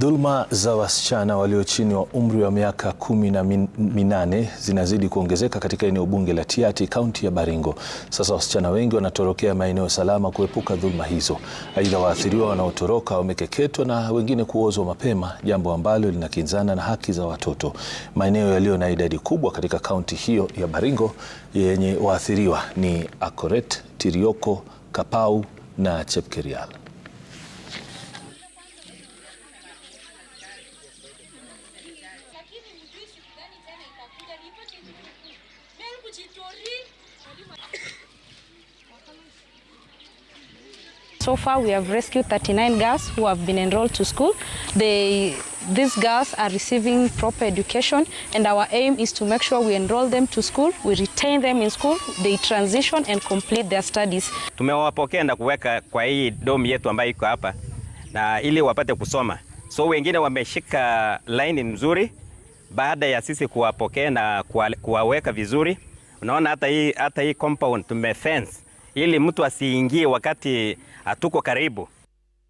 Dhuluma za wasichana walio chini wa umri wa miaka kumi na minane zinazidi kuongezeka katika eneo bunge la Tiaty, kaunti ya Baringo. Sasa wasichana wengi wanatorokea maeneo salama kuepuka dhuluma hizo. Aidha, waathiriwa wanaotoroka wamekeketwa na wengine kuozwa mapema, jambo ambalo linakinzana na haki za watoto. Maeneo yaliyo na idadi kubwa katika kaunti hiyo ya Baringo yenye waathiriwa ni Akoret, Tirioko, Kapau na Chepkerial. So far we have rescued 39 girls who have been enrolled to school. They, these girls are receiving proper education and our aim is to make sure we enroll them to school, we retain them in school, they transition and complete their studies. Tumewapokea na kuweka kwa hii dom yetu ambayo iko hapa na ili wapate kusoma. So wengine wameshika line nzuri baada ya sisi kuwapokea na kuwaweka vizuri. Unaona hata hii hata hii compound tumefence ili mtu asiingie wakati hatuko karibu.